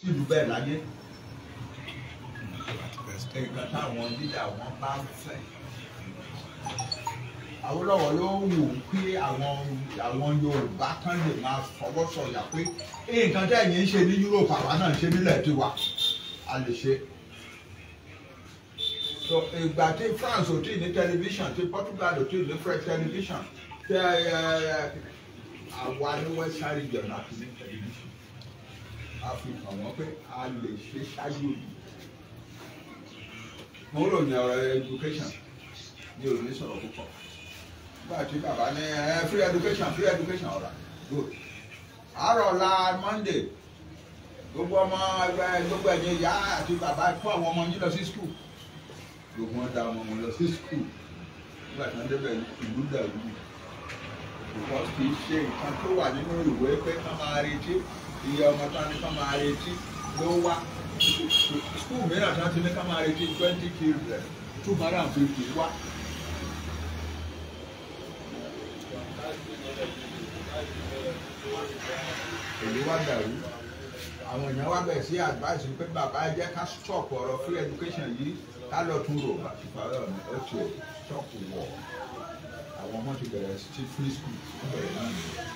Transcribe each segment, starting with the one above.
sí ìlú bẹ́ẹ̀ láyé nǹkan táwọn dídà wọn bá ń fẹ́ Awólọ́wọ̀ ló wù ú pé àwọn àwọn Yorùbá kan lè máa fọwọ́ sọ̀yà pé nǹkan tẹ̀yìn ń ṣe ní Europe àwa náà ń ṣe nílẹ̀ tiwa a lè ṣe so ìgbà tí France ò tí ì ní tẹlifíṣàn tí Portugal ò tí ì ní French tẹlifíṣàn tẹ àwa ní West Side region àti ní tẹlifíṣàn a fi hàn wọ́n pé a lè ṣe ṣáájú yìí mo rò ní ọ̀rọ̀ education ní òní sọ̀rọ̀ púpọ̀ nígbà tí bàbá ní free education free education ọ̀rà good àárọ̀ la Monday gbogbo ọmọ ẹgbẹ́ gbogbo ẹ̀yìn ìyá àti bàbá fún àwọn ọmọ yín lọ sí skul gbogbo wọn da ọmọ wọn lọ sí skul nígbà tí wọn débẹ̀ ìlú dàrú because kì í ṣe nǹkan tó wà nínú ìwé pé ká máa retí iye ọmọ tó ní ká máa retí ló wá skul mìíràn tó ti ní ká retí twenty children two hundred and fifty wá. èyí wá dàrú àwọn èèyàn wá bẹ̀ sí advice pé bàbá ẹ jẹ́ ká stop ọ̀rọ̀ free education yìí ká lọ tún rò bàtìpárọ̀ ní ọ̀tún stop wọ̀ àwọn ọmọ ti bẹ̀rẹ̀ sí free school bẹ̀rẹ̀ náà nìyẹn.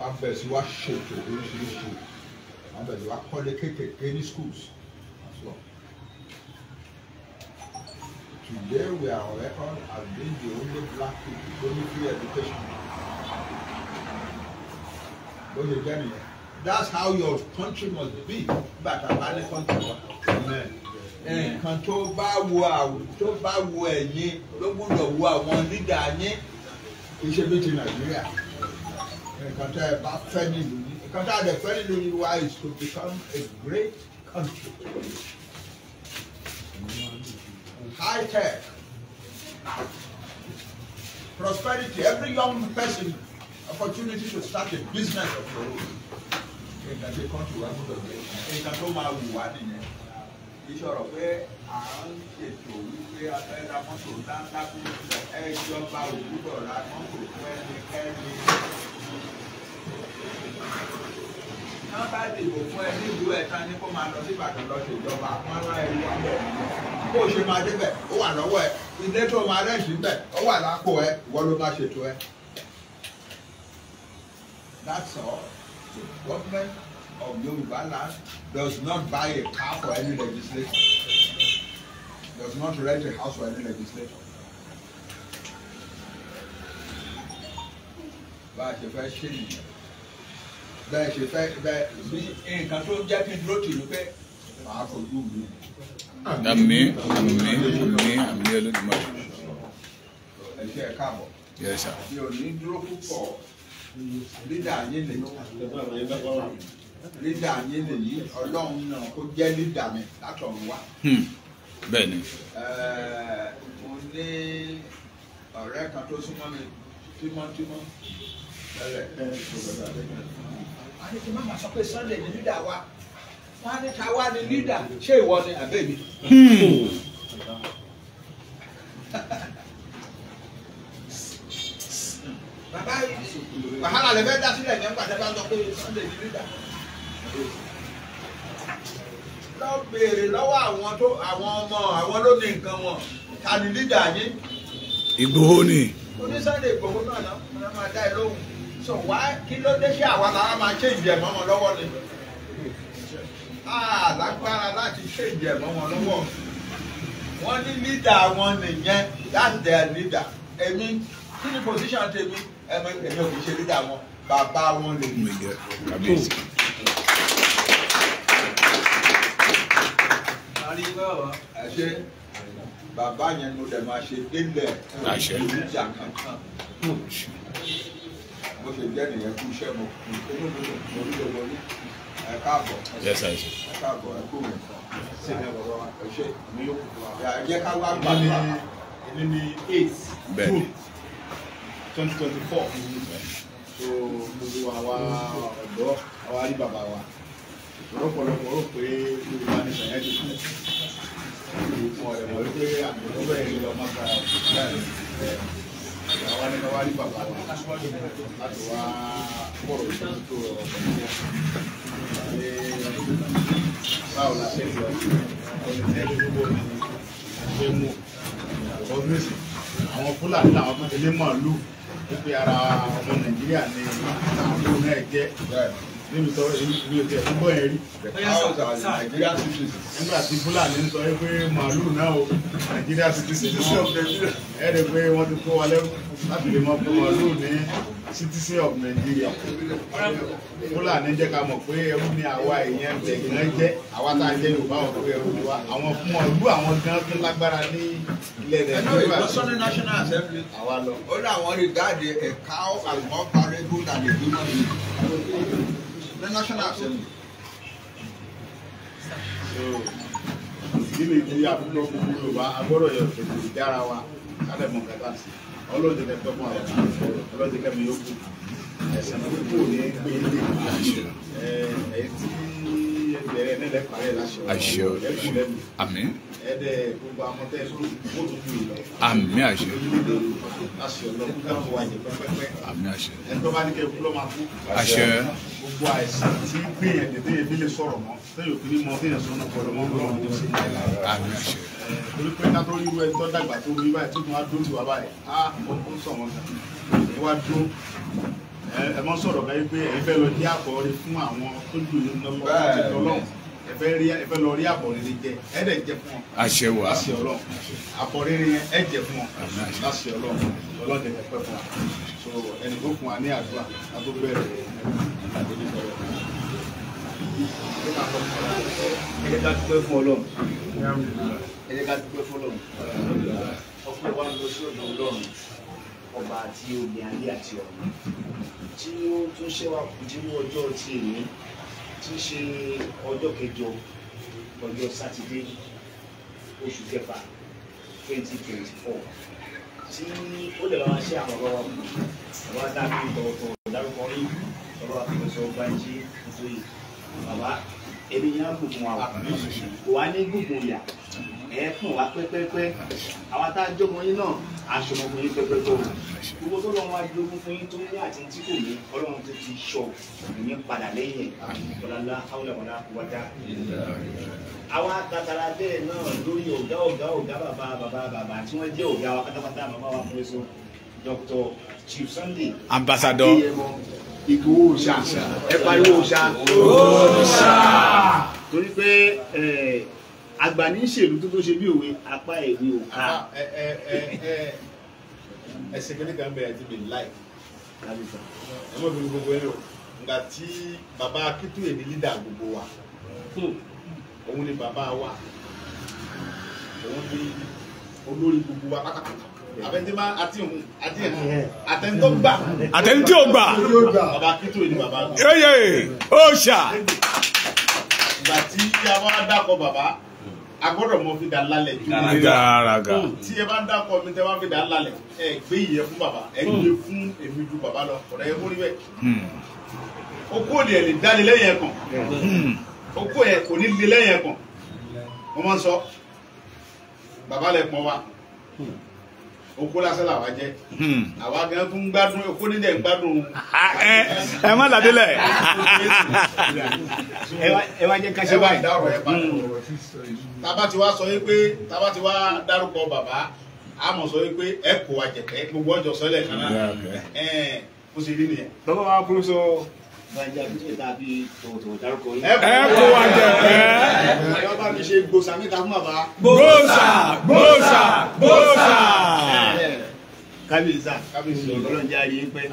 wọ́n bẹ̀rẹ̀ sí wá ṣètò oríṣiríṣi wọ́n bẹ̀rẹ̀ sí kọ́lé kéékèèké ní schools as well. Today we are on record as being the only black people going through education. Bó ṣe jẹ́ nìyẹn. That's how your country must be. Bàtà bá ní country wa. Nǹkan tó bá wo àwọn tó bá wo ẹ̀yin ló gbúdọ̀ wo àwọn nídàá yín. Kì í ṣe bí ti Nàìjíríà nǹkan ẹ bá fẹ́ nílùú yìí nǹkan tá fẹ́ nílùú yìí wá is to become a great country high tech prosperity every young person opportunity to start a business of your own nǹkan tí kọ́ńtì wá gbọ́dọ̀ jẹ́ nǹkan tó máa wù wá nìyẹn ìṣòro pé à ń ṣètò wípé afẹ́ra mọ́tò ńláńlá kúrò ẹjọba òwúrọ̀ ra mọ́tò fún ẹnikẹ́ni wọ́n bá dìbò fún ẹ nílùú ẹ̀ka ní kó máa lọ sí Ìbàdàn lọ sí ìjọba wọn rán ẹrú wa bẹ̀ bó ṣe máa débẹ̀ ó wà lọ́wọ́ ẹ ilé tó máa rẹ́ẹ̀sì bẹ̀ ó wà lápò ẹ wọ́n ló máa ṣètò ẹ. That's all. The government of Yoruba land does not buy a car for any legislation. Does not rent a house for any legislation. bá a ṣe fẹ́ ṣe nìyẹn bẹ́ẹ̀ ṣe fẹ́ bẹ́ẹ̀ bí nǹkan tó jẹ́ kí n dúró tì ní pé màá fojú mi. àmín àmín àmín àmín Olódùmarè. ẹ ṣe ẹ káàbọ̀. yes sir. mi ò ní dúró púpọ̀ lídà yín lè lídà yín lè yí ọlọ́run náà kó jẹ́ lídà mi látọ̀run wá. bẹ́ẹ̀ ni. mo ní ọ̀rẹ́ kan tó súnmọ́ mi tímọ́tímọ́. Thank you wọ́n ní kí má máa sọ pé Sunday ni leader wa wọ́n á ní ká wá ní leader ṣé ìwọ ni àbẹ́mi. Hmm. bàbá wàhálà lè fẹ́ dá sílẹ̀ yẹn pàṣẹ bá sọ pé Sunday ni leader lọ béèrè lọ́wọ́ àwọn tó àwọn ọmọ àwọn ló ní nǹkan wọn ta ni leader yín. Ìgbòho ni. oníṣẹ́ lè náà náà máa dá ẹ lóhùn so why kí ló dé ṣé àwa lára máa ṣe ìjẹ̀mọ́ wọn lọ́wọ́ ni ah, lágbára láti ṣe ìjẹ̀mọ́ wọn lọ́wọ́ wọ́n ní lídà wọn nìyẹn that's their leader èmi kí ni position tèmi ẹ̀mí èmi ò fi ṣe lídà wọn bàbá wọn lè mú ẹ̀ṣẹ̀ bàbá yẹn ló dẹ̀ máa ṣe délẹ̀ ìjà kankan bó ṣe jẹ́ nìyẹn kú iṣẹ́ mo inú mi dùn mo rí gbogbo yín ẹ káàbọ̀ ẹ káàbọ̀ ẹ kú mi ṣe ní ọ̀rọ̀ ẹ ṣe mi yóò kú wa ẹ jẹ́ ká wá gbàdúrà. ẹni ní eight june twenty twenty four so gbogbo àwa ọ̀dọ́ àwa rí bàbá wa lọ́pọ̀lọpọ̀ rò pé yorùbá ní sàyẹ́ ti kú ìfọ̀ ẹ̀rọ wípé àgbẹ̀dọ́gbẹ̀rẹ̀ lọ́mọ́ta ẹ̀ àwa ní ká wá rí bàbá wa láti wá bọ̀rọ̀ ìṣàkóso ọ̀rọ̀ pẹ̀lú báwo la ṣe lọ ọ̀nà ẹ̀dúgbò ṣe mú ọ̀gbẹ́sì àwọn fúlàní làwọn tó ti lé màálù wípé ara ọmọ nàìjíríà ni àwọn tó náà jẹ́ níbi sọ èmi ò tẹ̀ gbọ́ yẹn rí. nàìjíríà citizen. nígbà tí fúlàní ń sọ pé màálùú náà o nàìjíríà citizen ni wọn ẹ rẹ pé wọn ti kó wa lẹ́rú láti lè mọ pé màálùú ní citizen of Nigeria fúlàní jẹ́ ká mọ̀ pé ẹrú ni àwa èèyàn tẹ̀gbìnà jẹ́ àwa tá a jẹ́ yorùbá wọn pé ẹrú wa àwọn fún ọlú àwọn gan tó lágbára ní ilẹ̀ nàìjíríà. ẹ̀rọ ìwọ́sọ́ni national assembly ó ní àwọn rí ẹ̀ka àgbọ̀n parable and the human being the national assembly. ìdílé tí a fún lọ́kùn fún yorùbá agbọ́dọ̀ yọ ìṣòro ìdára wa kálẹ̀ mọ̀ kẹta sí ọlọ́dẹ kẹfẹ́ fún àwọn ọlọ́dẹ kẹfẹ́ yóò kú ẹ̀sìn tó kù ní pé ilé ẹ̀ tí ẹgbẹ̀rẹ̀ nílẹ̀ parẹ́ láṣẹ ọ̀rọ̀ ẹ̀kú lẹ́nu àmín ẹ̀dẹ̀ gbogbo amọ̀tẹ́ tó tó fi lọ. àmín àṣẹ. láṣẹ gbogbo àìsàn tí gbìyàn dédé ebi lè sọ̀rọ̀ mọ́ tẹ́yọ̀ pé mímọ téèyàn sọ̀rọ̀ pọ̀lọ́ mọ́ lọ́wọ́ tó ṣe ní àìláì. torí pé ká tó rí irú ẹni tó dàgbà tó rí báyìí tó tún wá dúró wá báyìí á ó sọ wọn kan ẹ wá dúró ẹ mọ sọ̀rọ̀ báyìí pé ẹ fẹ́ lọ dí àkọ́rí fún àwọn tó jù ní lọ́wọ́ ẹ fẹ́ lọ rí àbọ̀rẹ́rẹ́ jẹ ẹ dẹ̀ jẹ fún ọ. àṣẹ wa àṣẹ Ọlọ́run àbọ̀rẹ́rẹ́ yẹn ẹ jẹ fún ọ láṣẹ Ọlọ́run Ọlọ́run dẹ̀ pẹ́ fún ọ ẹnì tó fún wa ní àdúrà ká tó ẹ jẹ́ ká dúpẹ́ fún ọlọ́run ẹ jẹ́ ká dúpẹ́ fún ọlọ́run ọpẹ́ wa ń lọ sí ọ̀dọ̀ ọlọ́run ọba àti omi ayé àti ọ̀run tí ó tún ṣẹ́wà kù nínú ọjọ́ ti èmi tí í ṣe ọjọ́ kẹjọ ọjọ́ sátidé oṣù kẹfà twenty twenty four tí ó lè bá wa ṣe àwọn ọ̀rọ̀ wa bàbá dábìí tọ̀tọ̀ dárúkọ yìí ọ̀rọ̀ àfihàn ọba jí nítorí bàbá ẹni yẹn gbùngbùn wa kò wá ní gbùngbùn yà ẹ fún wa pẹ́pẹ́pẹ́ àwọn atájọ́ ọmọ yín náà aṣọ ọmọ yín pẹ́pẹ́pẹ́ o gbogbo tó lọ́wọ́ adógún fún yín tó ní àti tí kò ní ọlọ́run tó ti sọ ìyẹn padà lẹ́yìn ọ̀làlá haúlàwọ̀lá wọ́dà. àwa tatara bẹ́ẹ̀ náà lórí ọ̀gá ọ̀gá ọ̀gá bàbá bàbá bàbá tí wọ́n jẹ́ ọ̀gá wa pátápátá bàbá wa fún eso Dr. Chief Sunday. ambassador ìgò òòṣà ẹ pariwo òòṣà òòṣà torí pé àgbà ní ìṣèlú tó tó ṣe bí òwe apá ẹ̀mí ò ká. ẹsẹ̀ kẹ́lẹ́ kan bẹ̀rẹ̀ àti bẹ̀rẹ̀ láì ẹ mọ̀ bí gbogbo ẹ lọ nígbà tí bàbá Akíntóyè ní lídà gbogbo wa òun ni bàbá wa òun ni olórí gbogbo wa pátápátá àbẹ̀ntìmá àti òun àti ẹ̀ àtẹ̀ntó gbà. àtẹ̀ntó gbà. bàbá kító ni bàbá. yeye ó ṣà. ìgbà tí yàrá dákọ̀ bàbá a gbọ́dọ̀ mọ fi dà lálẹ́ ju mi la hmm, tí ẹ bá ń dákọ mi tẹ bá fi dà lálẹ́ ẹ gbé ìyẹn fún bàbá ẹ hmm. gbé fún èmi ju bàbá lọ ọ̀rọ̀ ẹ múrí bẹ́ẹ̀ hmm. o kò ní ẹ lè dálé lẹ́yìn ẹ kàn o kò kò ní lè lẹ́yìn ẹ kàn mo máa ń sọ bàbá lẹ pọn wa oko lásán làwa jẹ hmm. àwa gan tún gbádùn oko nílẹ̀ ń gbádùn. ẹ ẹ má dàbí lẹ. ẹ wá jẹ káṣí wáyé. ẹ wá dá ọ̀rọ̀ ẹ hmm. bá lọ. tába ti wá sọ yìí pé tába ti wá dárúkọ bàbá a mọ̀ sọ yìí pé ẹ kò wá jẹ̀kẹ́ gbogbo ọjọ́ sọlẹ̀ kan náà kò sì rí nìyẹn. bàbá wa kúrò ẹ kó wa jẹ ẹ. bàbá mi ṣe gbòòsà níta fún bàbá. gbòòsà gbòòsà gbòòsà. kábíyèsà ọlọ́run jẹ́ àyè pẹ́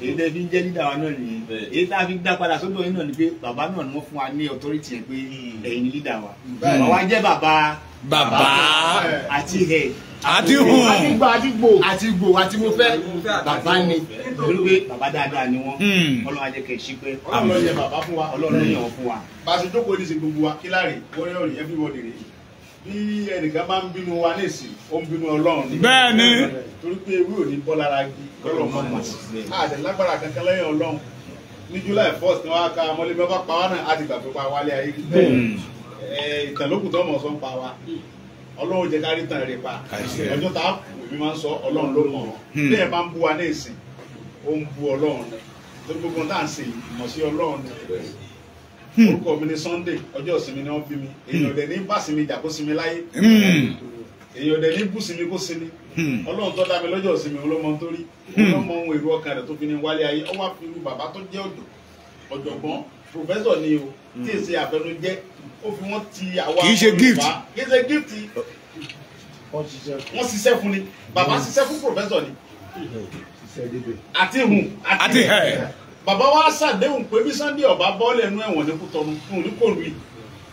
èyí tẹ́ fi ń jẹ́ dídà wa náà nìyí èyí tá a fi dá padà sọ́dọ̀ yín náà ni pé bàbá náà ni wọ́n fún wa ní ọtọ́rìtì yẹn pé ẹ̀yin ni dídà wa bàbá wa jẹ́ bàbá bàbá àti head àdìhùn àdìgbò àdìgbò àdìgbò àti mo fẹ́ bàbá ni torí pé bàbá dáadáa ni wọ́n hmm. ọlọ́run ajẹ́ kẹ́ ẹ̀ sí pé ọlọ́run yẹ bàbá fún wa ọlọ́run yẹ wọn fún wa. bàṣẹ jókòó ní ìsìn gbogbo wa kí láre everybody rèé bí ẹnìkan bá ń bínú wa nísìn ó ń bínú ọlọ́run ni. bẹ́ẹ̀ ni. torí pé ewé ò ní bọ́ lára gbé lọ́rọ̀ mọ́ mọ́ àdélágbára kankan lẹ́yìn ọlọ́run ní July first ni wọ́n á ka mọ́lẹ́mẹ́fà pa wá náà á gbàgbé pa wálé ayé. Hmm. ìtàlókùtọ́ mọ̀ sọ́ pa wa ọlọ́run jẹ́ ká rí tàn rẹ̀ pa ọjọ́ tá a kù mi máa ń sọ ọlọ́run ló mọ̀ ní ẹ̀ máa ń bú wa ní ìsìn ó ń bú ọlọ́run tó gbogbo náà ṣe ìmọ̀ sí ọlọ́run hmm. orúkọ mi ni Sunday ọjọ́ ìsinmi ni wọ́n bí mi hmm. èèyàn dẹ̀ ní bá sinmi jà kó sinmi láyé hmm. èèyàn dẹ̀ ní bú sinmi kó sinmi ọlọ́run tó dá mi lọ́jọ́ ìsinmi olómọ tó rí olómọ ohun èrò ọkàn rẹ̀ tó fi ní wálé ayé ọwọ́ àfihàn bàbá tó jẹ́ ọ̀dọ́ ọ̀jọ̀gbọ́n professor ni o hmm. tí ì ṣe àfẹnujẹ fi wọ́n ti àwa kì í gift kì í gift wọ́n ṣiṣẹ́ fún ni bàbá hmm. ṣiṣẹ́ fún professor ni àti hùn àti hẹ̀ bàbá wa ṣàdéhùn pé bí Sunday ọba bọ́ọ̀lù ẹnu ẹ̀wọ̀n ní Kútọ́nù fún ní kòlù yìí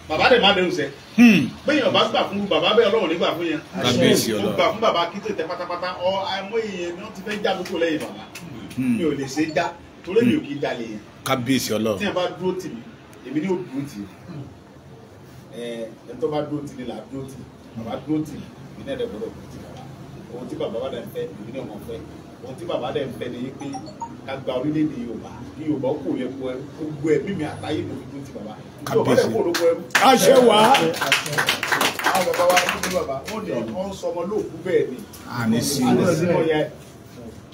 bàbá dẹ̀ má dẹ̀ ọ̀sẹ̀. Hmm. bẹ́ẹ̀ ọba gbà fún bàbá bẹ́ẹ̀ ọlọ́run nígbà fún yẹn. kábíyèsí gbà fún bàbá kí tó tẹ pátápátá ọ àìmọye yẹn ni wọ́n ti fẹ́ já lóko lẹ́yìn bàbá mi ò lè ṣe já torí mi ò kì í dalè yẹn kábíyèsí ọlọ́run. tí ẹ bá dúró tì mí èmi ni ó dúró tì í ẹ ẹ tó bá dúró tì mí là á dúró tì mí bàbá dúró tì mí èmi náà dẹ̀ gbọ́dọ̀ dúró tì bàbá ohun tí bàbá bá dẹ̀ ń fẹ́ èmi náà mọ̀ fẹ́ ohun tí bàbá dẹ̀ ń fẹ́ ni pé ká gba orílẹ̀-èdè yorùbá kí yorùbá kò lè pọ ẹrú gbogbo ẹ̀mí mi àtayé mi dúró tì bàbá yorùbá dẹ̀ kò ló àwọn bàbá wa kú ní bàbá wọn ni wọn sọ ọmọ lóòkú bẹ́ẹ̀ ni.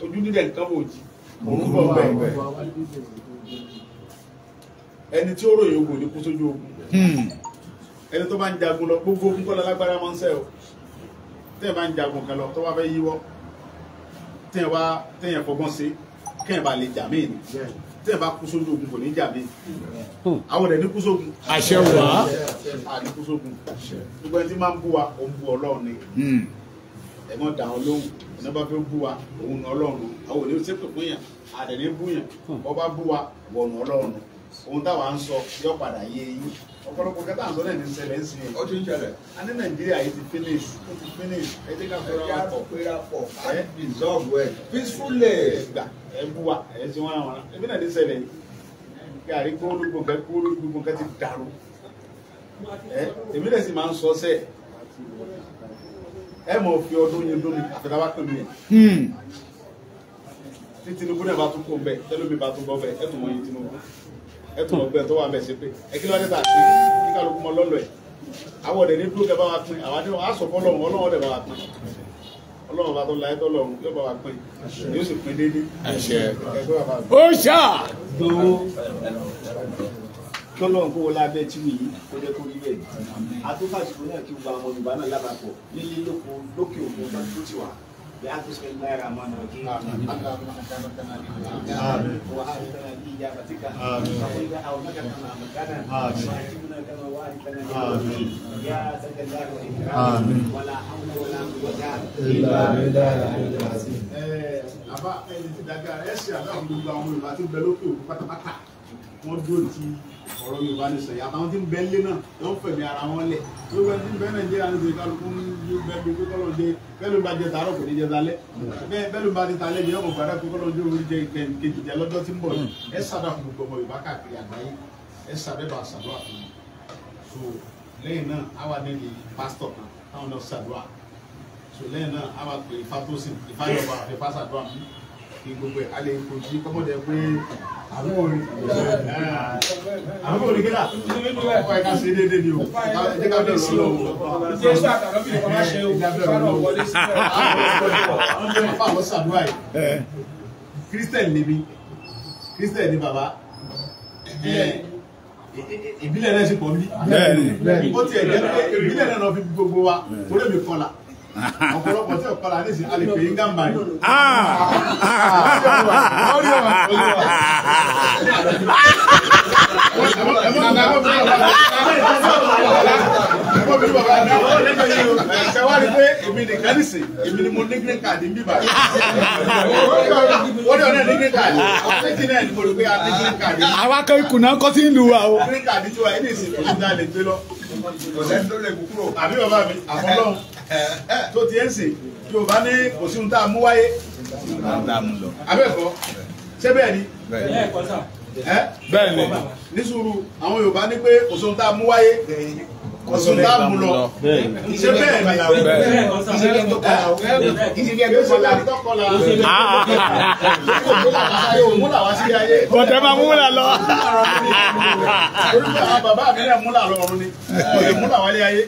ojú nílẹ̀ nǹkan wò jí òun bọ̀ bẹ́ẹ̀ ẹni tí ó ròyìn ogun ní kú sójú ogun hmm. ẹni tó bá ń jagun lọ gbogbo ogun kọ́ lálágbára máa ń sẹ́ o téèyàn bá ń jagun kan lọ tó bá fẹ́ yíwọ́ téèyàn wá téèyàn fọgbọ́n sí kéèyàn bá lè jà míì ni téèyàn bá kú sójú ogun kò ní jà míì hmm. àwọn ọ̀dẹ̀ ní kú sógun. àṣẹ wà á. àní kú sógun gbogbo ẹni tí máa ń bú wa òun bú ọlọ́run ni ẹ̀gbọ́n dà ọ́ lóhùn ẹ̀nà bá fẹ́ bú wa òun ọlọ́run àwọn òní ó sẹ́pẹ̀ fún yàn àdẹ̀ ní bú yàn hmm. bọ́ bú wa wọ̀nà ọlọ́run ohun táwa ń sọ yọ padà yé yín ọ̀pọ̀lọpọ̀ kẹta àwọn ọ̀dọ́ ní ṣẹlẹ̀ ń sìn yẹn. ó ti ń ṣẹlẹ̀. a ní nàìjíríà yìí ti finish ó ti finish ẹ jẹ́ ká fẹ́ra wa pọ̀. fẹ́ra pọ̀ ẹ resolve well peacefully. gbà ẹ bú wa ẹ ti wọ́n àwọn ẹbí náà ti ṣẹlẹ̀ gàrí kóró gbogbo kóró gbogbo kẹ́ ti dàrú. ẹ èmi náà sì máa ń sọ sẹ́ẹ̀ ẹ mọ̀ fi ọdún yẹn lónìí àfẹ́tàwá pẹ̀lú yẹn. Hmm. tí Tinubu náà bá tún kó bẹ́ẹ̀ tẹ́lómi bá tún bọ́ bẹ́ẹ̀ ẹ ẹ tún ọgbẹ́ tó wà bẹ̀ sí pé ẹ kí ló dé tà pé kí kálukú mọ lọ́lọ́ ẹ̀ àwọn ọ̀dẹ̀ ní dúró kẹ́ bá wa pín àwọn àdéhùn aṣọ fọlọ́run ọlọ́run ọ̀dẹ̀ bá wa pín ọlọ́run bá tó la ẹ̀tọ́ lọ́run yóò bá wa pín yóò sì pín déédéé. ó ṣá. gbowó tọ́lọ́run kó wọlé abẹ́ tí mi yìí kó jẹ́ kó rí bẹ́ẹ̀ ni àtúfàṣìkò náà kí gba ọmọ yorùbá náà lápapọ̀ nílé lóko lókè òkun bá tó ti wà bí a tó ṣe ń lára àmọ́ ọ̀nà kí. إجابتك وإذا أولك كما أمكنا وأجبنا كما وعدتنا يا سد الله وإكرامك ولا حول ولا قوة إلا بالله العلي العظيم àbá ẹni tí dàgbà ẹ ṣe àbá àwọn gbogbo àwọn olùbàdàn bẹ lókè òkú pátápátá wọn dúró ti ọ̀rọ̀ yorùbá ní sọ̀yà àtàwọn tí ń bẹ lé náà wọ́n fẹ̀mí ara wọn lẹ̀ ló bẹ tí ń bẹ nàìjíríà ní sèé kálukú ní bẹ bí pé kọ́lọ́ dé bẹ́ẹ̀ ló bá jẹ tààrọ̀ kò ní jẹ talẹ́ bẹ́ẹ̀ ló bá ti talẹ́ jẹ ọkọ̀ gbàdá pé kọ́lọ́ dé orí jẹ kejì jẹ lọ́jọ́ tí ń bọ̀ hmm. ẹ sàdá fún gbogbo yorùbá káàkiri àgbáyé ẹ sàdébà sàdúrà fún mi so lẹ́yìn náà àwa nílì pásítọ̀ kan táwọn náà sàdúrà so lẹ́yìn náà àwa pè ìfàtòsìn ìfàjọba ìfàsàdúrà mi kí gbogbo ẹ̀ alẹ́ ìkojú kọ́mọdé pé àwọn orin àwọn orin kíkà ọkọ ẹka ṣe déédé ni o ẹjẹ ká bẹ̀rẹ̀ Ọlọ́run jésù àtàlọ́bì ni wọ́n ṣe òkúta wọlé sí ọ̀rọ̀ àwọn ṣàdúrà yìí kírísítẹ̀ ni mí kírísítẹ̀ ni bàbá ìbílẹ̀ náà ṣe pọ̀ mí ó tiẹ̀ jẹ́ pé ìbílẹ̀ náà lọ fi gbogbo wa torí mi kọlà ọ̀pọ̀lọpọ̀ tí ọ̀pọ̀lọpọ̀ adé sí alẹ́ pé yíngá mbà yìí. Ṣé wá rí pé èmi nìkan ní sìn, èmi ni mo ní green card ń bíbà. Ó ní ọ̀nà ní green card, ọ̀sẹ̀ tí náà ni mo rò pé a ní green card. Àwa kan ìkùnà kọ́ sí ìlú wa o. Green card tí wa ẹni ìsìn kò ní dá lè gbé lọ. Kò sẹ́ni tó lè kúkúrò. Àbí bàbá mi, àfọlọ́hún tó ti ẹ̀ ń sìn yorùbá ní kò sí ohun tá a mú wáyé abẹ́ẹ̀kọ́ ṣé bẹ́ẹ̀ ni bẹ́ẹ̀ ni ní sùúrù àwọn yorùbá ní pé kò sí ohun tá a mú wáyé kò sí ohun tá a mú lọ ṣé bẹ́ẹ̀ ni ìṣèlú tó kọlà ìṣèlú tó kọlà tó kọlà múlà wá sí ayé kọ̀tẹ́ máa múlà lọ. orúkọ àwọn bàbá mi náà múlà lọ́rùn ni múlà wálé ayé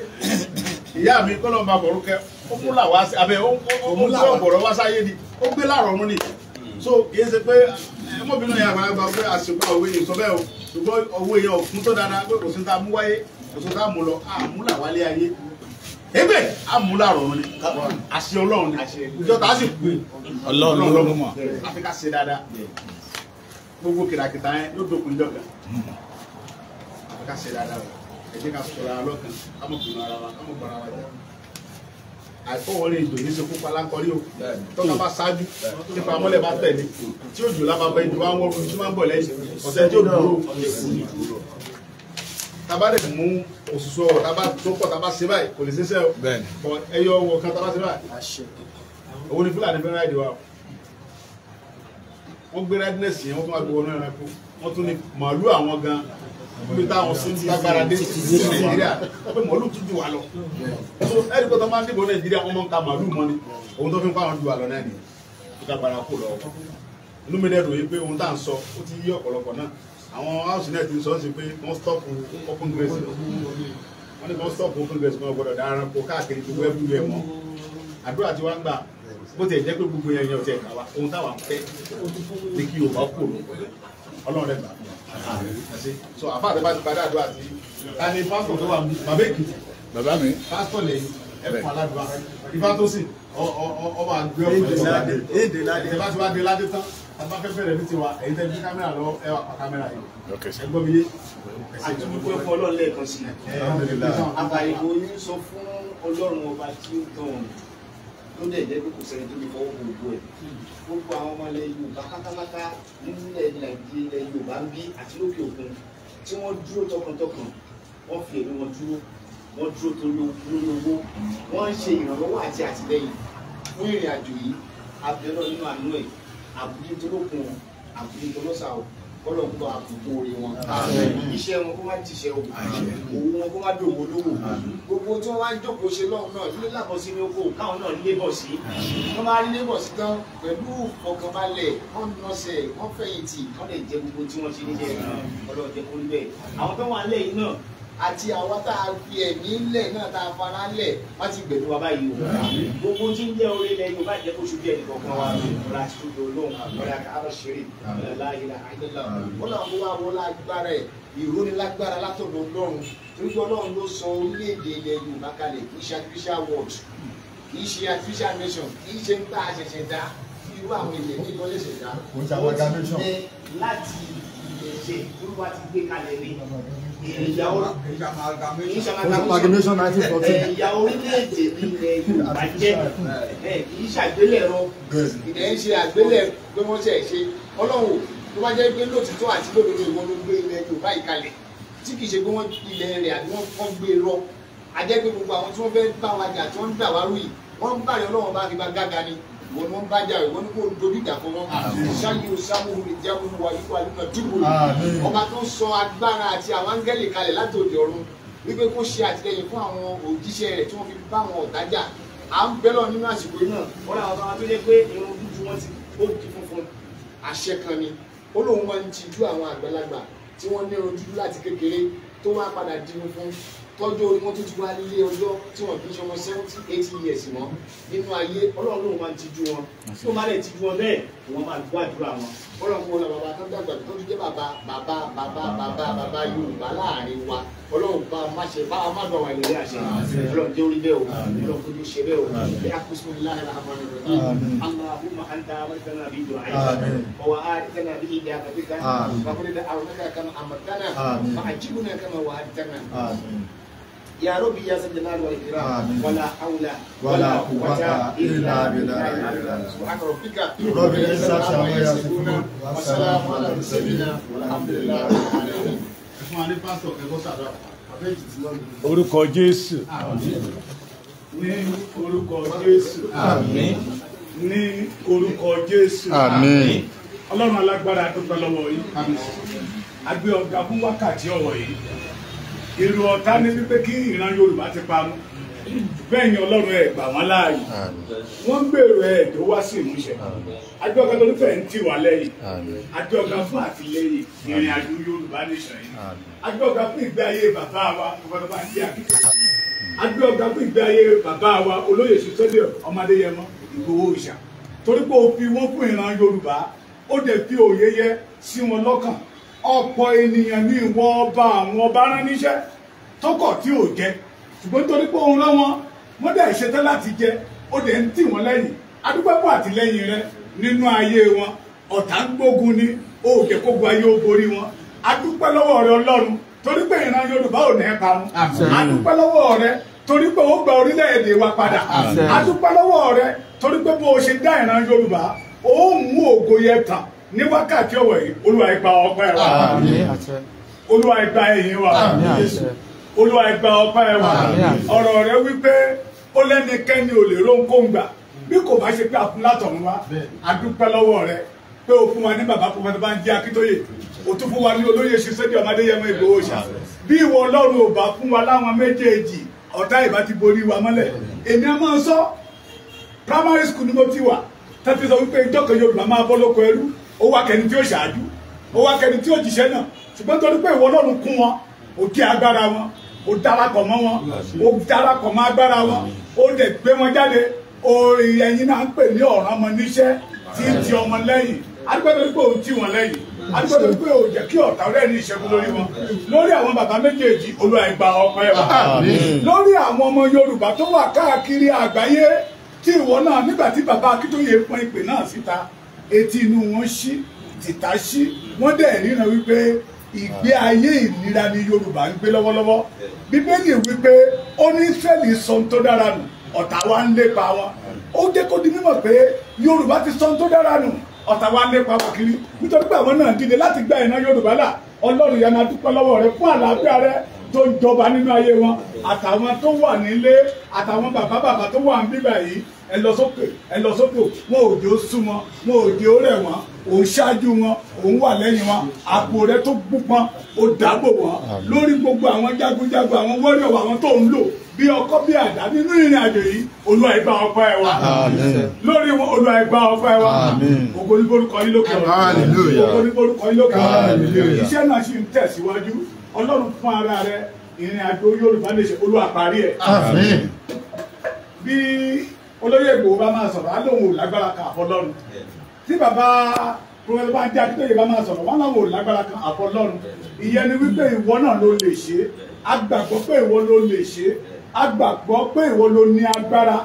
ìyá mi kọ́lọ́ bá bọ̀rọ̀ kẹ́ ó mú làwọn àṣẹ abẹ́ ó mú làwọn bọ̀rọ̀ wá sáyé ni ó gbé láàrọ̀ ọ̀run ni so kìí ṣe pé ọmọbìnrin yẹn àgbàlagbà pé àṣepọ̀ òwe yìí sọ bẹ́ẹ̀ o ṣùgbọ́n òwe yẹn ò fún tó dáadáa pé kò sí ta mú wáyé kò sí ta mú lọ àmú làwálé ayé ebe àmú làrọ̀ ọ̀run ni àṣẹ ọlọ́run ni ìjọ tá a sì pè ọlọ́run ló mọ̀ àfi ká ṣe dáadáa gbogbo kìràkìtà yẹn yóò dókun jọ̀gà àfi ká ṣe dáadáa o ẹ jẹ́ ká sọ̀rọ̀ alọ́kan ká mọ̀ bínú ara wa ká mọ̀ bọ̀ra wa jẹ́ àìfọwọ́lé ìjò ní ṣe kópa láńkọrí o tọ́ka bá ṣáájú nípa amọ́lẹ̀ bá tẹ̀lé tí òjò lábàbá ìjò wa ń wọ́n ojú máa ń bọ̀ lẹ́yìn ọ̀sẹ̀ tí ó dúró tábà lè mú òṣìṣọ́ tábà tó pọ̀ tábà ṣe báyìí kò lè ṣeéṣe ọ ẹyọ ọwọ́ kan tábà ṣe báyìí owó ni fúlàní fẹ́ ráìdì wa wọ́n gbé rẹ́dínẹ̀sì yẹn wọ́n tún wá gbé wọn náà rẹ́pọ̀ wọ́n tún ní níbi táwọn sí ti lágbára dé sí nàìjíríà pé màálù tún jù wá lọ so ẹni pé tó máa ń dìbò nàìjíríà wọn máa ń ka màálù mọ ni òun tó fi ń pa àwọn jù wá lọ náà nìyẹn tó lágbára kò lọ inú mi dẹ́rù yìí pé ohun tá à ń sọ ó ti yí ọ̀pọ̀lọpọ̀ náà àwọn house net ń sọ ọ́ sí pé wọ́n stop open grace wọ́n ní wọ́n stop open grace kan gbọ́dọ̀ dára kó káàkiri gbogbo ẹbí rẹ̀ mọ́ àdúrà jẹ́ pé gbogbo yẹn yẹn ò tiẹ̀ ohun táwọn fẹ́ ni kí Yorùbá kò lọ Ọlọ́run rẹ gbà fún wa so àfa àti bàtí bàtí àdúrà sí ta ni pásítọ̀ tó wà ní bàbá èkìtì bàbá mi pásítọ̀ lẹ́yìn ẹfun aládùá ifá tó sì ọba àgbẹ̀ ọkùnrin tó ládé èdè ládé ẹ bá ti wá dé ládé tán àbá fẹ́ bẹ̀rẹ̀ ní tiwa èyí tẹ́ bí kámẹ́rà lọ ẹ wà pa kámẹ́rà yìí ẹ gbọ́ mi yé. àtúntò ẹ̀fọ́ ọlọ́run lẹ́ẹ̀kan sí i àbàyè oyún sọ fún ọlọ́run ọba tí ó tọ̀ ọ̀hún ló dẹ̀ jẹ́ pé kò sẹ́ni tó lè fọwọ́ gbogbo ẹ̀ gbogbo àwọn ọmọ ilẹ̀ Yorùbá pátápátá nílẹ̀ Nàìjíríà Yorùbá ń bí àti lókè òkun tí wọ́n dúró tọkàntọkàn wọ́n fi ẹ̀mí wọn dúró wọ́n dúró torí owó wọ́n ń ṣe ìrànlọ́wọ́ àti àtìlẹ́yìn fún ìrìn àjò yìí abẹ́rẹ́ nínú àánú ẹ̀ àbújútólókun àbújútólósà kọ́lọ̀ gbọ́ àkókò orí wọn iṣẹ́ wọn kó má tiṣẹ́ òwò òwò wọn kó má dòwò lówó gbogbo tí wọ́n wá ń jókòó ṣe lọ́hùn náà nílé làbọ̀ sí oko káwọn náà lébọ̀ sí wọ́n bá lébọ̀ sí tán pẹ̀lú ọkànbalẹ̀ wọ́n nọsẹ̀ wọ́n fẹ̀yìntì wọ́n lè jẹ gbogbo tí wọ́n ṣe nílẹ̀ ọlọ́ọ̀jẹ̀ kórìbẹ̀ àwọn tó wà lẹ́yìn náà àti àwa tá a fi ẹ̀mí lẹ̀ náà tá a fara lẹ̀ wọ́n ti gbẹ̀dọ̀ wa báyìí o. gbogbo tí ń jẹ́ orí ilẹ̀ o bá jẹ́ kó ṣojú ẹ̀dùn kankan wa ọ̀rọ̀ àti ṣojú olóhùn ọ̀rọ̀ àkàrọ̀ ṣeré ọ̀làláyìlá àìlélá wọn làwọn bó wá wọlé agbára ẹ̀ ìrónilágbára látọ̀dọ̀ ọlọ́run torí pé ọlọ́run ló sọ orílẹ̀-èdè ilẹ̀ Yorùbá kalẹ̀ kì í ṣe artificial world kì í ṣe artificial nation kì í ṣe ń tá a ṣẹ̀ṣẹ̀ dá irú àwọn ilẹ̀ Amalgamation nineteen fourteen. Ẹ̀yà orílẹ̀-èdè ní ilẹ̀ Yorùbá jẹ́ kì í ṣàgbélẹ̀rọ. Ìdẹ̀ ń ṣe àgbélẹ̀ pé wọ́n ṣẹ̀ ṣe. Ọlọ́run tó bá jẹ́ pé lótìtọ́ àti lódodo ìwọ ló gbé ilẹ̀ Yorùbá ìkalẹ̀. Tí kì í ṣe pé wọ́n ilẹ̀ rẹ̀ àbí wọ́n gbé e rọ. A pé gbogbo àwọn tí wọ́n fẹ́ bá wa jà tí wọ́n ń dà wá rú yìí, wọ́n ń bàrẹ̀ Ọlọ́run bá fi bá gága ni wọn wọn bá jà wọn kò dobi dàpọ̀ wọn sáyé o sábòhu lè jábọ̀ wà yípo àlùkò dìbò ọba tó sọ agbára àti àwọn áńgẹ́lì kalẹ̀ láti òde ọ̀run wípé kó ṣe àtìlẹyìn fún àwọn òjíṣẹ́ rẹ̀ tí wọ́n fi bá àwọn ọ̀tá jà à ń bẹ́ lọ nínú àsìkò yìí náà wọn làwọn bá wọn tó jẹ́ pé irun dúdú wọn ti ó di funfun àṣẹ kan ni ó lóun máa ń tijú àwọn àgbàlagbà tí wọ́n ní irun dúdú láti kékeré tó wá padà di funfun tọ́jú orí wọn tó ti wá lé ọjọ́ tí wọn kì í ṣe ọmọ seventy eighty years mọ́ nínú ayé ọlọ́run lòun máa ń tijú wọn tí wọn bá lè tijú wọn bẹ́ẹ̀ wọn máa gbọ́ àdúrà wọn ọlọ́run wọn bàbá tó dàgbà tó ti jẹ́ bàbá bàbá bàbá bàbá bàbá yorùbá láàrin wa ọlọ́run bá má ṣe bá má dọ̀ wà lórí àṣẹ ọlọ́run jẹ́ orí bẹ́ẹ̀ o ọlọ́run kò ní ṣe bẹ́ẹ̀ o bí a kò sún láàrin àwọn ọmọ rẹ̀ allahumma anta amartana bi du'a wa aritana bi ijabati kan wa qul la a'udhu bika kama amartana fa ajibna kama wa'adtana يا رب يا ذا الجلال والإكرام ولا حول ولا قوة إلا بالله سبحان ربك رب العزة عما يصفون وسلام على المرسلين والحمد لله رب العالمين orúkọ jésù ní orúkọ jésù àmín ní orúkọ jésù àmín ọlọ́run alágbára dúpẹ́ lọ́wọ́ yìí àmín a gbé ọ̀gá fún wákàtí ọ̀wọ̀ yìí èrò ọ̀tá ní wípé kí ìran Yorùbá ti parun bẹ́ẹ̀ ni Ọlọ́run ẹ̀ gbà wọ́n láàyè wọ́n ń gbèrò ẹ̀ tó wá sí ìmúṣẹ àjọkan tó nífẹ̀ẹ́ ń tì wá lẹ́yìn àjọkan fún àtìlẹ́yìn ìrìn àjò Yorùbá nation yìí àjọkan fún ìgbé ayé bàbá wa ọ̀pọ̀lọpọ̀ àti àkíkọ́ àjọkan fún ìgbé ayé bàbá wa olóyè sọ́dẹ̀ Ọmọdéyẹmọ Ìgbòho Òòṣà torí o fi wọ́n fún ìran Yorùbá ó dẹ̀ fi òye sí wọn lọ́kàn ọ̀pọ̀ ènìyàn ní ìwọ ọba àwọn ọba rán níṣẹ́ tó kọ̀ tí ò jẹ ṣùgbọ́n torí pé òun lọ́wọ́ wọ́n dẹ̀ ṣetán láti jẹ ó dẹ̀ ń tì wọ́n lẹ́yìn adúpẹ́pọ̀ àtìlẹ́yìn rẹ nínú ayé wọn ọ̀tá ń gbógun ni òòkè kógun ayé ó borí wọn adúpẹ́ lọ́wọ́ rẹ ọlọ́run torí pé ìran yorùbá ò ní ẹ̀ka mu adúpẹ́ lọ́wọ́ rẹ torí pé ó gba orílẹ̀-èdè wa padà adúpẹ́ lọ́wọ́ rẹ torí pé bó o ṣe dá ìran yorùbá ó mú ògo yẹ tàn ní wákàtí ọ̀wọ̀ yìí olúwa ìgbà ọpẹ́ wa olúwa ìgbà ẹ̀yìn wa olúwa ìgbà ọpẹ́ wa ọ̀rọ̀ rẹ wípé ó lẹ́nikẹ́ni ò lè rónkóhùn gbà bí kò bá ṣe pé a fún látọ̀run wá a dúpẹ́ lọ́wọ́ rẹ pé o fún wa ní bàbá pọfẹ́tà bá ń jẹ́ akíntóye o tún fún wa ní olóyè ṣiṣẹ́dì ọ̀mádéyẹmọ ìgbòho ṣá bí ìwọ ọlọ́run ò bá fún wa láwọn méjèèjì ọ̀tá ìbá ti borí wa mọ́lẹ̀ èmi a máa sọ primary school ni mo ti wà tẹ́tí sọ wípé ìjọkẹ́ yorùbá máa bọ́ lóko ẹrú ó wá kẹni tí ó ṣáájú ó wá kẹni tí ó jíṣẹ́ náà ṣùgbọ́n torí pé ìwọ Ọlọ́run kún wọn ó dé agbára wọn ó darapọ̀ mọ́ wọn ó darapọ̀ mọ́ agbára wọn ó dẹ̀ gbé wọn jáde orin ẹ̀yin náà ń pè ní ọ̀ràn ọmọ níṣẹ́ tí ń ti ọmọ lẹ́yìn adúgbò pé òun ti wọn lẹ́yìn adúgbò pé òun jẹ́ kí ọ̀tá rẹ̀ ní ìṣẹ́gun lórí wọn lórí àwọn bàbá méjèèjì Olúwa ẹ gba ọpẹ́ wa lórí àwọn ọmọ Yorùbá tó wà káàkiri àgbáyé tí ìwọ náà nígbà tí bàbá Akíntóyè pọn ìpè náà síta etí inú wọn ṣí tìta ṣí wọ́n dẹ̀ ríran wípé ìgbé ayé ìnira ni Yorùbá ń gbé lọ́wọ́lọ́wọ́ Bíbélì wípé ó ní Ísírẹ́lì sọ tó dára nù ọ̀tá wa ń lépa wọn ó jẹ́ kó di mímọ̀ pé Yorùbá ti sọ tó dára nù ọ̀tá wa ń lépa wọn kiri nítorí pé àwọn náà dìde láti gba ìná Yorùbá là Ọlọ́run yẹn máa dúpẹ́ lọ́wọ́ rẹ fún àlàáfíà rẹ tó ń jọba nínú ayé wọn àtàwọn tó wà nílé àtàwọn bàbá bàbá tó wà ń bíbà yìí ẹ lọ sókè ẹ lọ sókè wọn ò dé ó sún wọn wọn ò dé ó rẹ̀ wọ́n òun ṣáájú wọn òun wà lẹ́yìn wọn àpò rẹ̀ tó gbúpọn ó dáàbò wọn lórí gbogbo àwọn jagunjagun àwọn wọ́rẹ̀ wọ àwọn tó ń lò bí ọkọ bí àdá nínú ìrìn àjò yìí olúwa ẹ bá ọpẹ́ ẹ wá lórí wọn olúwa ẹ bá ọpẹ́ ẹ wá ògo ní yín lókè ọ̀run ògo ní yín lókè ọ̀run iṣẹ́ náà sì ń tẹ̀síwájú ọlọ́run fún ara rẹ ìrìn àjò Yorùbá lè ṣe olú àparí ẹ̀. bí olóyè Ìgbòho bá máa sọ̀rọ̀ alóhùn ò lágbára kan àfọlọ́run tí bàbá pọfẹsọ bá ń jẹ akíntóye bá máa sọ̀rọ̀ wọn làwọn ò lágbára kan àfọlọ́run ìyẹn ni wípé ìwọ náà ló lè ṣe a gbàgbọ́ pé ìwọ ló lè ṣe a gbàgbọ́ pé ìwọ ló ní agbára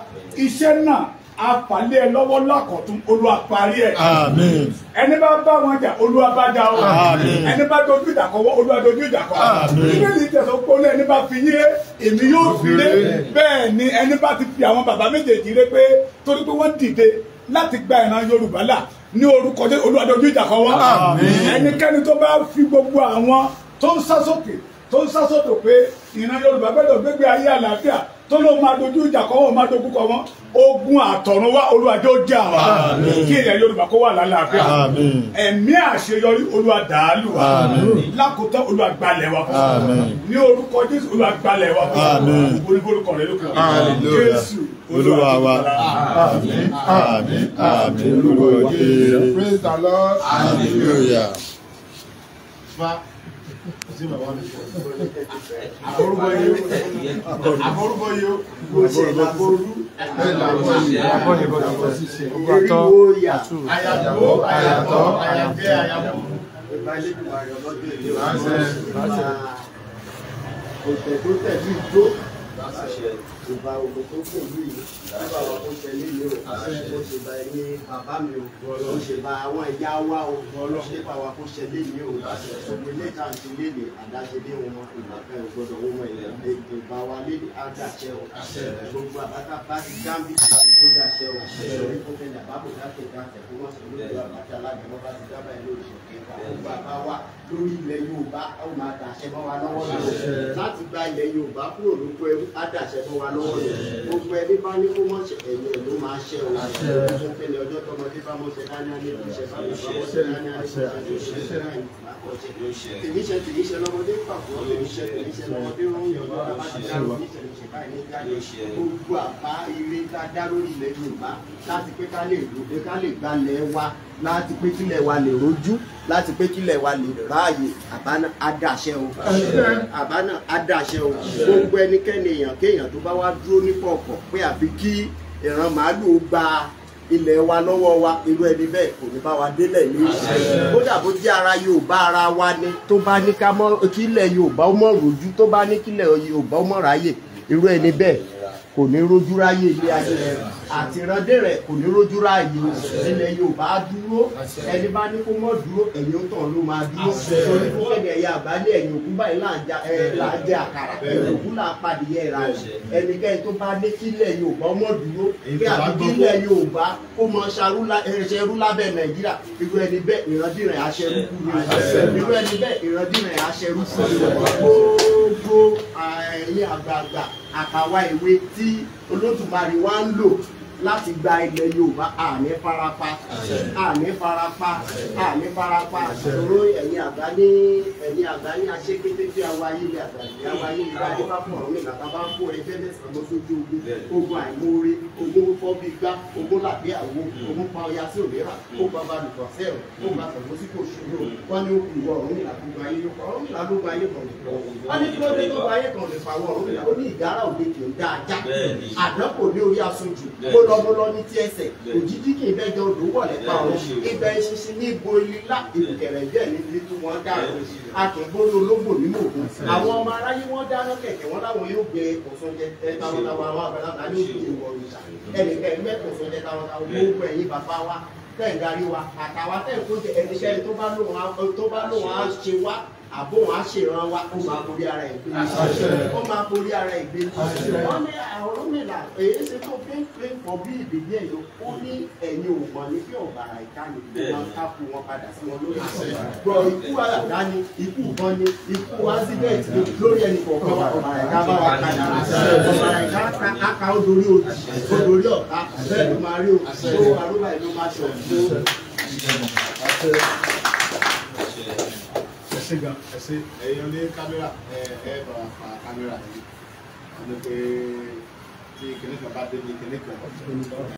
iṣẹ́ náà apàlẹ́ lọ́wọ́ lákọ̀tún olúwa parí ẹ̀. àmín. ẹni bá bá wọn jà olúwa bá jà wọn. àmín. ẹni bá dojú ìjà kọ wọ́n olúwa dojú ìjà kọ. àmín. ilé ní ìjẹsọ gbóná ẹni bá fi yé èmi yóò fi lé bẹ́ẹ̀ ni ẹni bá ti fi àwọn bàbá méjèèjì ré pé torí pé wọ́n dìde láti gba ìran yorùbá là ní orúkọ olúwa dojú ìjà kọ wọn. àmín. ẹnikẹ́ni tó bá fi gbogbo àwọn tó ń sásòkè tó ń sásòdò pé ìran yorùbá gbẹ́dọ̀ gbégbé ayé àlàáfíà tó ló máa dojú ìjà kọ́ wọ́n máa dojú kọ́ wọn ogun àtọ̀run wá Olúwa jẹ́ ó jà wá kí ilẹ̀ Yorùbá kó wà lálàáfíà ẹ̀mí àṣeyọrí Olúwa dàálù wá lákòótọ́ Olúwa gbalẹ̀ wa kọ́ ní orúkọ Jésù Olúwa gbalẹ̀ wa kọ́ olúborúkọ rẹ lókè Jésù Olúwa wa àmín àmín àmín olúwa Jésù praise the Lord hallelujah àbórúbọ yìí ó bó ṣe làbórú làbórú ṣiṣẹ eriwo yà àyàtọ àyàtọ àyàfẹ àyàbò. ìbáṣepọ̀ àyọ̀lọ́jọ́ ìlú ọ̀sẹ̀ ọ̀sẹ̀ kò tẹ̀ tó tẹ̀ sí ìjó ìbá ogun tó kù yìí nígbà wọn kó ṣe nílé o ó ṣe bá ẹni bàbá mi o ó ṣe bá àwọn ẹ̀yà wa o ó ṣe bá wa kó ṣe nílé o ògbé lẹ́tà ti léde àdáṣedé wọn ìgbàfẹ́ ògbọ́dọ̀ wọn ilẹ̀ ìbá wa léde àdàṣẹ o gbogbo àbáta bá ti dáńbì kó dàṣẹ o ìṣòro kó fẹ́ dàbábò dáṣẹ dáṣẹ kó wọ́n sọ lórí àbáta alágbèmọ́ bá ti dábàá ẹ̀ lórí ìṣòro lórí ilẹ̀ yorùbá ó máa dàṣẹ mọ́ wa lọ́wọ́ lọ́wọ́ láti gba ilẹ̀ yorùbá kúrò lóko ẹrú á dàṣẹ mọ́ wa lọ́wọ́ lọ́wọ́ gbogbo ẹbí bá ní kó mọ̀ ẹ̀yìn ẹ̀ ló máa ṣẹ́ o mo kéde ọjọ́ tọmọdé bá mọ̀ ṣe dání àlẹ́ ìṣẹ́ bá mi bá mọ̀ ṣe dání àlẹ́ ìṣẹ́ bá mi bá mọ̀ ṣe tèmi ṣe tèmi ṣe lọ́mọdé pàpọ̀ tèmi ṣe tèmi ṣe lọ́mọdé rọ̀ gbogbo àpá ire tá dá lórí ilẹ̀ yorùbá láti pé ká lè ròde ká lè gbalẹ̀ wa láti pé kílẹ̀ wa lè rojú láti pé kílẹ̀ wa lè ráàyè àbáná adáṣẹ́ o àbáná adáṣẹ́ o gbogbo ẹnikẹ́ni èèyàn kéèyàn tó bá wá dúró nípa ọ̀pọ̀ pé àfi kí ìran màálù gba ilẹ̀ wa lọ́wọ́ wa irú ẹni bẹ́ẹ̀ kò ní bá wa délẹ̀ ní ìṣẹ́ kódà bó jẹ́ ara Yorùbá ara wa ni tó bá ní ká mọ̀ Yorùbá ó mọ̀ rojú tó bá ní kílẹ̀ Yorùbá ó mọ̀ ráyè irú ẹni bẹ́ẹ̀ kò ní rójú ráyè ilé ayé rẹ̀ àti ìrandé rẹ̀ kò ní rojú ráàyè ilẹ̀ Yorùbá dúró ẹni bá ní kó mọ́ dúró ẹ̀yìn ó tàn ló máa dúró torí fún kẹ̀kẹ́ ẹ̀yà àbálẹ̀ ẹ̀yìn òkú báyìí là ń jẹ àkàrà ẹ̀yìn òkú là ń padìyẹ ra ẹnikẹ́ni tó bá ní kílẹ̀ Yorùbá mọ́ dúró pé àbí kílẹ̀ Yorùbá kó mọ ṣerú lábẹ́ Nàìjíríà irú ẹni bẹ́ẹ̀ ìrandé rẹ̀ aṣẹ́rú kú gbogbo ẹ̀yin àgbààgbà àtàwa ìwé tí Olódùmarè wa ń lò láti gba ilẹ̀ yorùbá àní farapa àní farapa àní farapa ìṣòro ẹ̀yin àgbá ní ẹ̀yin àgbá ní aṣẹ́kété bí awáyé ilé àgbàdì awáyé ilé adébáfọ̀ ọ̀run nígbà tá a bá fún ẹgbẹ́ mẹ́sàn-án lọ sójú ogun ogun àìmoore ogun fọ́bígbá ogun làbí àwo ogun pa ọya sí òmíràn ó bàbá lùkọ̀ sẹ́rù ó bá sọ̀rọ̀ sí kò ṣòro wọn ní òkú ìwọ ọ̀run nílà gbogbo ayé ló pa ọ̀run nílà ló gba ayé kan lè pọ̀ wọn ní kí ló dé tó gba ayé kan bólọ́bólọ́ ní tí ẹsẹ̀ òjijì kì í bẹ́jọ odò wọ̀ nípa ọ̀run ibẹ̀ ìṣinṣin ní ibo ilá ìbùkẹ̀rẹ̀ díẹ̀ níbi tí wọ́n dàrú akẹ́gbórí ológbò nínú òkun àwọn ọmọ aráyé wọ́n dáná kẹ̀kẹ́ wọn láwọn yóò gbé kòsán jẹ táwọntáwọ àwọn àgbàlagbà ní òkè ìwọ òrìṣà ẹnìkẹ́ni mẹ́kòsán jẹ táwọntáwọ gbogbo ẹ̀yìn bàbá wa tẹ̀ ń darí wa àtàwọn tẹ̀ ń kó jẹ ẹniṣẹ́ tó bá lóun á ṣe wá àbò wọn á ṣe ìran wa ó máa borí ara ìgbé ó máa borí ara ìgbé wọn ní àwọn mìíràn èyí ṣe tó pé pé bí ìdílé ẹ̀yọ ó ní ẹ̀yin ò ní kí ọ̀bàrà ìdáni ló máa ń kápò wọn padà sí wọn lórí gbọ́ ikú àdá ni ikú ìbọn ni ikú accident ni lórí ẹnì kọ̀ọ̀kan ọ̀bàrà ìdá bá wa padà ọ̀bàrà ìdá aka ó dorí òdì ó bẹ́ẹ̀ ló máa rí òkú tó arúgbó ẹ̀ ló máa ṣọ̀ ṣe gan. ẹ ṣe ẹyin ní kámẹ́rà ẹ ẹ bá wa fa kámẹ́rà yìí wọn pé tí kìnìkan bá dé ní kìnìkan.